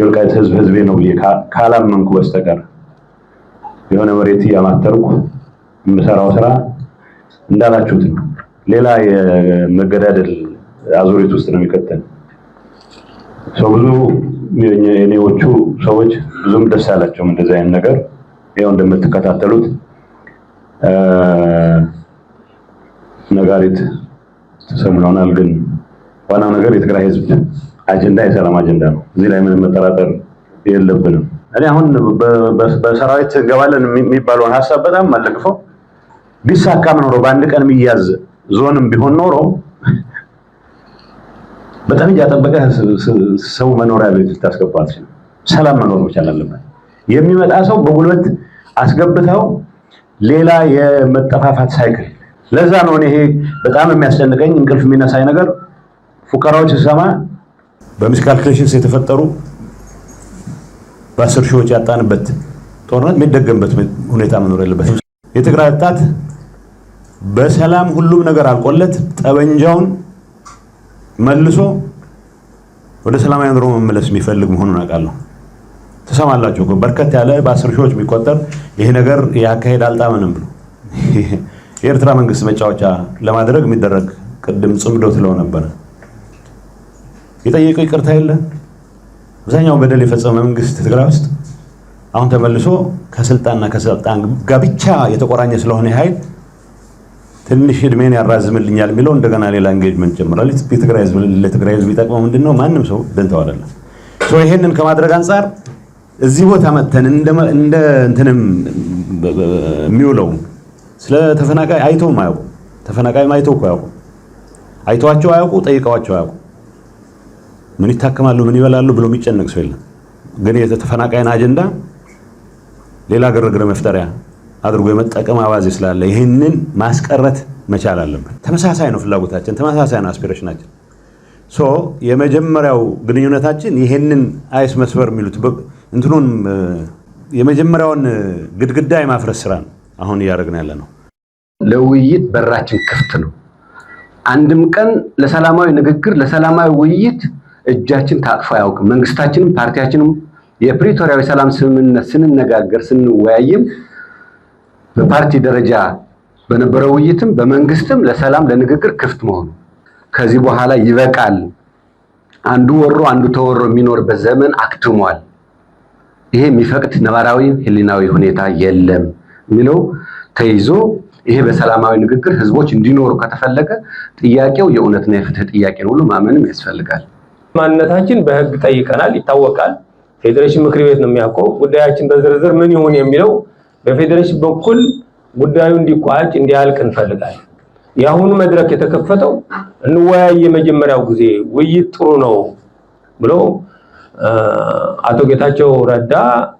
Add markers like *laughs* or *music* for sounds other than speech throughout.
የወልቃይት ህዝብ ህዝቤ ነው ብዬ ካላመንኩ በስተቀር የሆነ መሬት እያማተርኩ የምሰራው ስራ እንዳላችሁት ሌላ የመገዳደል አዙሪት ውስጥ ነው የሚከተል። ሰው ብዙ የኔዎቹ ሰዎች ብዙም ደስ አላቸውም እንደዚህ አይነት ነገር። ይኸው እንደምትከታተሉት ነጋሪት ተሰምለውናል። ግን ዋናው ነገር የትግራይ ህዝብ አጀንዳ የሰላም አጀንዳ ነው። እዚህ ላይ ምንም መጠራጠር የለብንም። እኔ አሁን በሰራዊት እንገባለን የሚባለውን ሀሳብ በጣም አልደግፈው። ቢሳካም ኖሮ በአንድ ቀን የሚያዝ ዞንም ቢሆን ኖሮ በጣም እያጠበቀ ሰው መኖሪያ ቤት ልታስገባ ሰላም መኖር መቻል አለበት። የሚመጣ ሰው በጉልበት አስገብተው ሌላ የመጠፋፋት ሳይክል። ለዛ ነው እኔ ይሄ በጣም የሚያስጨንቀኝ እንቅልፍ የሚነሳኝ ነገር ፉከራዎች ስሰማ በሚስ ካልኩሌሽንስ የተፈጠሩ በአስር ሺዎች ያጣንበት ጦርነት የሚደገምበት ሁኔታ መኖር የለበትም። የትግራይ ወጣት በሰላም ሁሉም ነገር አልቆለት ጠበንጃውን መልሶ ወደ ሰላማዊ ኑሮ መመለስ የሚፈልግ መሆኑን አውቃለሁ። ትሰማላችሁ እኮ በርከት ያለ በአስር ሺዎች የሚቆጠር ይሄ ነገር ያካሄድ አልጣመንም ብሎ የኤርትራ መንግስት መጫወቻ ለማድረግ የሚደረግ ቅድም ጽምዶ ትለው ነበረ። የጠየቀው ይቅርታ የለ። አብዛኛው በደል የፈጸመ መንግስት ትግራይ ውስጥ አሁን ተመልሶ ከስልጣንና ከስልጣን ጋር ብቻ የተቆራኘ ስለሆነ ኃይል ትንሽ እድሜን ያራዝምልኛል የሚለው እንደገና ሌላ ኤንጌጅመንት ጀምሯል። የትግራይ ህዝብ ለትግራይ ህዝብ ይጠቅመው ምንድን ነው? ማንም ሰው ደንተው አይደለም። ይሄንን ከማድረግ አንጻር እዚህ ቦታ መጥተን እንደ እንደ እንትንም የሚውለው ስለ ተፈናቃይ አይቶም አያውቁ። ተፈናቃይም አይተው እኮ አያውቁ። አይተዋቸው አያውቁ፣ ጠይቀዋቸው አያውቁ። ምን ይታከማሉ፣ ምን ይበላሉ ብሎ የሚጨነቅ ሰው የለም። ግን የተፈናቃይን አጀንዳ ሌላ ግርግር መፍጠሪያ አድርጎ የመጠቀም አባዜ ስላለ ይህንን ማስቀረት መቻል አለብን። ተመሳሳይ ነው ፍላጎታችን፣ ተመሳሳይ ነው አስፒሬሽናችን። ሶ የመጀመሪያው ግንኙነታችን ይህንን አይስ መስበር የሚሉት እንትኑን የመጀመሪያውን ግድግዳ የማፍረስ ስራ ነው አሁን እያደረግን ያለ ነው። ለውይይት በራችን ክፍት ነው። አንድም ቀን ለሰላማዊ ንግግር ለሰላማዊ ውይይት እጃችን ታጥፎ አያውቅም። መንግስታችንም ፓርቲያችንም የፕሪቶሪያዊ ሰላም ስምምነት ስንነጋገር ስንወያይም በፓርቲ ደረጃ በነበረው ውይይትም በመንግስትም ለሰላም ለንግግር ክፍት መሆኑ ከዚህ በኋላ ይበቃል፣ አንዱ ወሮ አንዱ ተወሮ የሚኖርበት ዘመን አክትሟል፣ ይሄ የሚፈቅድ ነባራዊ ህሊናዊ ሁኔታ የለም የሚለው ተይዞ ይሄ በሰላማዊ ንግግር ህዝቦች እንዲኖሩ ከተፈለገ ጥያቄው የእውነትና የፍትህ ጥያቄ ነው ሁሉ ማመንም ያስፈልጋል። ማንነታችን በህግ ጠይቀናል፣ ይታወቃል። ፌዴሬሽን ምክር ቤት ነው የሚያውቀው። ጉዳያችን በዝርዝር ምን ይሁን የሚለው በፌዴሬሽን በኩል ጉዳዩ እንዲቋጭ እንዲያልቅ እንፈልጋለን። የአሁኑ መድረክ የተከፈተው እንወያይ የመጀመሪያው ጊዜ ውይይት ጥሩ ነው ብሎ አቶ ጌታቸው ረዳ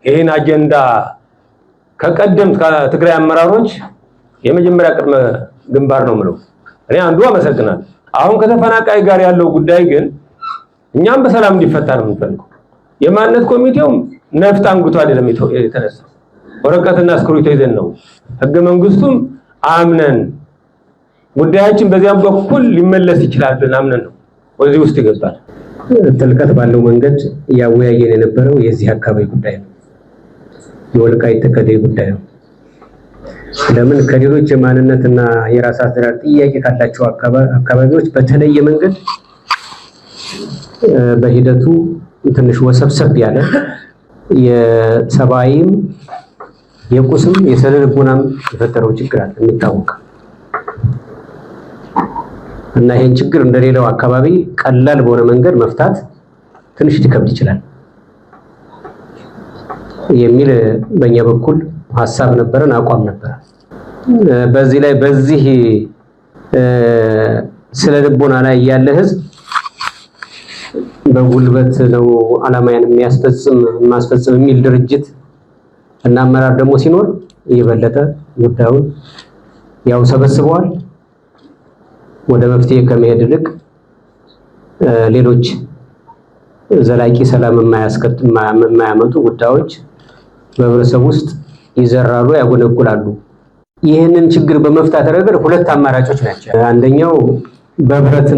ይህን አጀንዳ ከቀደምት ከትግራይ አመራሮች የመጀመሪያ ቅድመ ግንባር ነው ምለው እኔ አንዱ አመሰግናለሁ። አሁን ከተፈናቃይ ጋር ያለው ጉዳይ ግን እኛም በሰላም እንዲፈታ ነው የምንፈልገው። የማንነት ኮሚቴውም ነፍጥ አንግቶ አይደለም የተነሳው፣ ወረቀትና እስክሪብቶ ይዘን ነው። ህገ መንግስቱም አምነን ጉዳያችን በዚያም በኩል ሊመለስ ይችላል ብለን አምነን ነው ወደዚህ ውስጥ ይገባል። ጥልቀት ባለው መንገድ እያወያየን የነበረው የዚህ አካባቢ ጉዳይ ነው፣ የወልቃይት ጠገዴ ጉዳይ ነው። ለምን ከሌሎች የማንነትና የራስ አስተዳደር ጥያቄ ካላቸው አካባቢዎች በተለየ መንገድ በሂደቱ ትንሽ ወሰብሰብ ያለ የሰብአዊም የቁስም የስነ ልቦናም የፈጠረው ችግር አለ የሚታወቅ እና ይሄን ችግር እንደሌላው አካባቢ ቀላል በሆነ መንገድ መፍታት ትንሽ ሊከብድ ይችላል የሚል በእኛ በኩል ሀሳብ ነበረን፣ አቋም ነበረ። በዚህ ላይ በዚህ ስነ ልቦና ላይ ያለ ህዝብ በጉልበት ነው አላማያን የሚያስፈጽም የማስፈጽም የሚል ድርጅት እና አመራር ደግሞ ሲኖር እየበለጠ ጉዳዩን ያው ሰበስበዋል። ወደ መፍትሄ ከመሄድ ይልቅ ሌሎች ዘላቂ ሰላም የማያመጡ ጉዳዮች በህብረተሰብ ውስጥ ይዘራሉ፣ ያጎነጉላሉ። ይህንን ችግር በመፍታት ረገድ ሁለት አማራጮች ናቸው። አንደኛው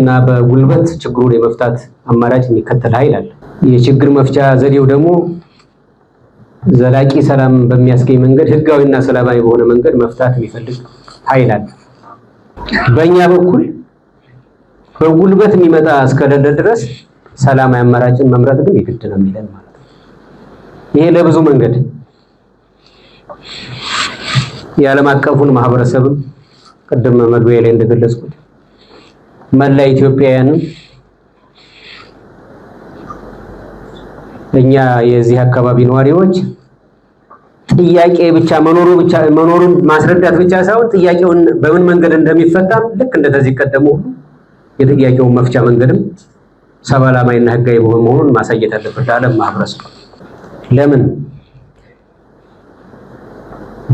እና በጉልበት ችግሩን የመፍታት አማራጭ የሚከተል ኃይል አለ። የችግር መፍቻ ዘዴው ደግሞ ዘላቂ ሰላም በሚያስገኝ መንገድ ህጋዊና ሰላማዊ በሆነ መንገድ መፍታት የሚፈልግ ኃይል አለ። በእኛ በኩል በጉልበት የሚመጣ እስከሌለ ድረስ ሰላማዊ አማራጭን መምረጥ ግን የግድ ነው የሚለን ማለት ነው። ይሄ ለብዙ መንገድ የዓለም አቀፉን ማህበረሰብም ቅድም መግቢያ ላይ እንደገለጽኩት መላ ኢትዮጵያውያንም እኛ የዚህ አካባቢ ነዋሪዎች ጥያቄ ብቻ መኖሩ ብቻ መኖሩን ማስረዳት ብቻ ሳይሆን ጥያቄውን በምን መንገድ እንደሚፈታም ልክ እንደተዚህ ቀደሙ የጥያቄውን መፍቻ መንገድም ሰባላማይና ህጋዊ መሆኑን ማሳየት አለበት ለዓለም ማህበረሰብ። ለምን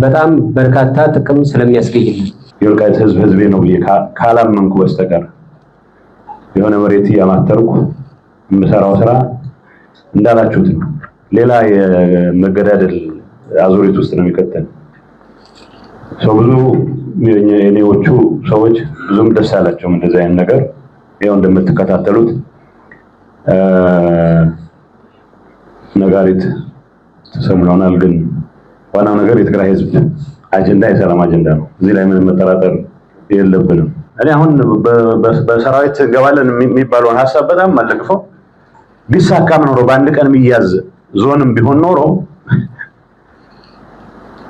በጣም በርካታ ጥቅም ስለሚያስገኝልን የወልቃይት ህዝብ ህዝቤ ነው ብዬ ካላመንኩ በስተቀር የሆነ መሬት እያማተርኩ የምሰራው ስራ እንዳላችሁት ነው። ሌላ የመገዳደል አዙሪት ውስጥ ነው የሚከተል ሰው ብዙ የኔዎቹ ሰዎች ብዙም ደስ አላቸውም እንደዚህ አይነት ነገር። ያው እንደምትከታተሉት ነጋሪት ተሰምለውናል። ግን ዋናው ነገር የትግራይ ህዝብ አጀንዳ የሰላም አጀንዳ ነው። እዚህ ላይ ምንም መጠራጠር የለብንም። እኔ አሁን በሰራዊት ገባለን የሚባለውን ሀሳብ በጣም አለቅፈው ቢሳካም ኖሮ በአንድ ቀን የሚያዝ ዞንም ቢሆን ኖሮ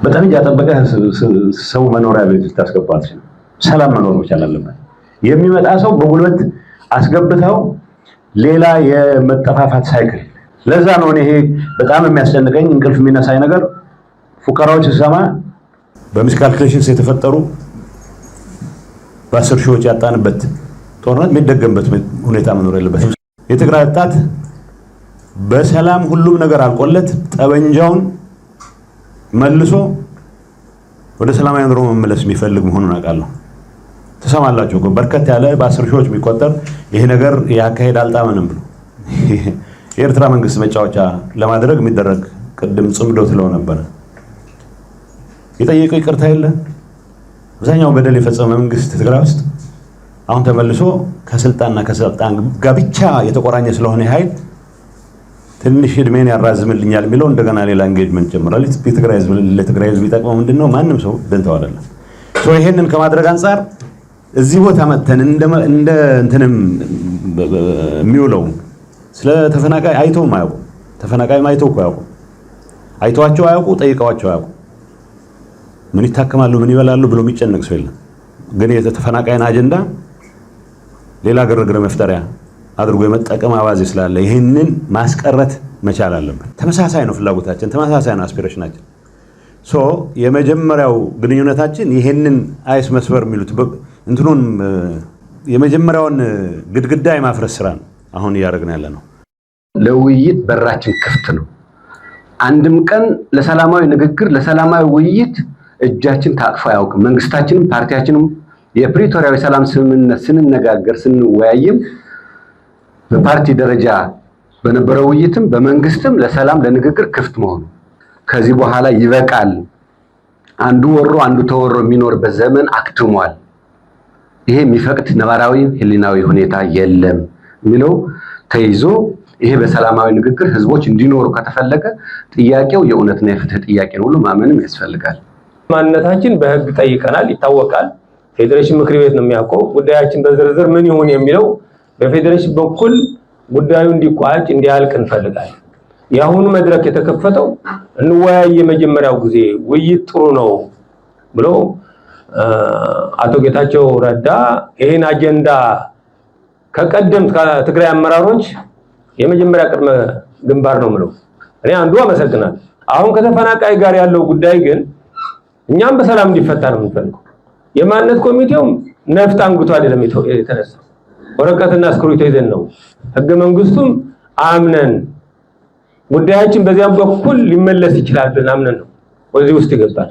በጣም እያጠበቀ ሰው መኖሪያ ቤት ልታስገባ ሰላም መኖር መቻል አለበት። የሚመጣ ሰው በጉልበት አስገብተው ሌላ የመጠፋፋት ሳይክል። ለዛ ነው ይሄ በጣም የሚያስጨንቀኝ እንቅልፍ የሚነሳኝ ነገር ፉከራዎች ስሰማ በሚስካልኩሌሽንስ የተፈጠሩ በአስር ሺዎች ያጣንበት ጦርነት የሚደገምበት ሁኔታ መኖር የለበትም። የትግራይ ወጣት በሰላም ሁሉም ነገር አልቆለት ጠበንጃውን መልሶ ወደ ሰላማዊ ኑሮ መመለስ የሚፈልግ መሆኑን አውቃለሁ። ተሰማላችሁ እኮ በርከት ያለ በአስር ሺዎች የሚቆጠር ይሄ ነገር ያካሄድ አልጣመንም ብሎ *laughs* የኤርትራ መንግስት መጫወቻ ለማድረግ የሚደረግ ቅድም ጽምዶ ትለው ነበረ የጠየቀው ይቅርታ የለ አብዛኛው በደል የፈጸመ መንግስት ትግራይ ውስጥ አሁን ተመልሶ ከስልጣንና ከስልጣን ጋር ብቻ የተቆራኘ ስለሆነ ኃይል ትንሽ እድሜን ያራዝምልኛል የሚለው እንደገና ሌላ ኤንጌጅመንት ጀምራል። ለትግራይ ህዝብ ይጠቅመው ምንድን ነው? ማንም ሰው ደንተው አይደለም። ይሄንን ከማድረግ አንጻር እዚህ ቦታ መተን እንደ እንትንም የሚውለው ስለ ተፈናቃይ አይተውም አያውቁም። ተፈናቃይም አይቶ እኮ አያውቁም። አይተዋቸው አያውቁ፣ ጠይቀዋቸው አያውቁ። ምን ይታከማሉ፣ ምን ይበላሉ ብሎ የሚጨነቅ ሰው የለም። ግን የተፈናቃይን አጀንዳ ሌላ ግርግር መፍጠሪያ አድርጎ የመጠቀም አባዜ ስላለ ይህንን ማስቀረት መቻል አለብን። ተመሳሳይ ነው ፍላጎታችን፣ ተመሳሳይ ነው አስፒሬሽናችን። ሶ የመጀመሪያው ግንኙነታችን ይህንን አይስ መስበር የሚሉት እንትኑን የመጀመሪያውን ግድግዳ የማፍረስ ስራ ነው አሁን እያደረግን ያለ ነው። ለውይይት በራችን ክፍት ነው። አንድም ቀን ለሰላማዊ ንግግር፣ ለሰላማዊ ውይይት እጃችን ታጥፎ አያውቅም። መንግስታችንም ፓርቲያችንም የፕሪቶሪያዊ ሰላም ስምምነት ስንነጋገር ስንወያይም በፓርቲ ደረጃ በነበረው ውይይትም በመንግስትም ለሰላም ለንግግር ክፍት መሆኑ ከዚህ በኋላ ይበቃል፣ አንዱ ወሮ አንዱ ተወሮ የሚኖርበት ዘመን አክትሟል፣ ይሄ የሚፈቅድ ነባራዊ ህሊናዊ ሁኔታ የለም የሚለው ተይዞ ይሄ በሰላማዊ ንግግር ህዝቦች እንዲኖሩ ከተፈለገ ጥያቄው የእውነትና የፍትህ ጥያቄ ነው ሁሉ ማመንም ያስፈልጋል። ማንነታችን በህግ ጠይቀናል፣ ይታወቃል። ፌዴሬሽን ምክር ቤት ነው የሚያውቀው። ጉዳያችን በዝርዝር ምን ይሁን የሚለው በፌዴሬሽን በኩል ጉዳዩ እንዲቋጭ እንዲያልቅ እንፈልጋለን። የአሁኑ መድረክ የተከፈተው እንወያይ የመጀመሪያው ጊዜ ውይይት ጥሩ ነው ብሎ አቶ ጌታቸው ረዳ ይህን አጀንዳ ከቀደምት ከትግራይ አመራሮች የመጀመሪያ ቅድመ ግንባር ነው ምለው እኔ አንዱ አመሰግናለሁ። አሁን ከተፈናቃይ ጋር ያለው ጉዳይ ግን እኛም በሰላም እንዲፈታ ነው የምንፈልገው። የማንነት ኮሚቴውም ነፍጥ አንግቶ አይደለም የተነሳው፣ ወረቀትና እስክሪብቶ ይዘን ነው። ህገ መንግስቱም አምነን ጉዳያችን በዚያም በኩል ሊመለስ ይችላል ብለን አምነን ነው ወደዚህ ውስጥ ይገባል።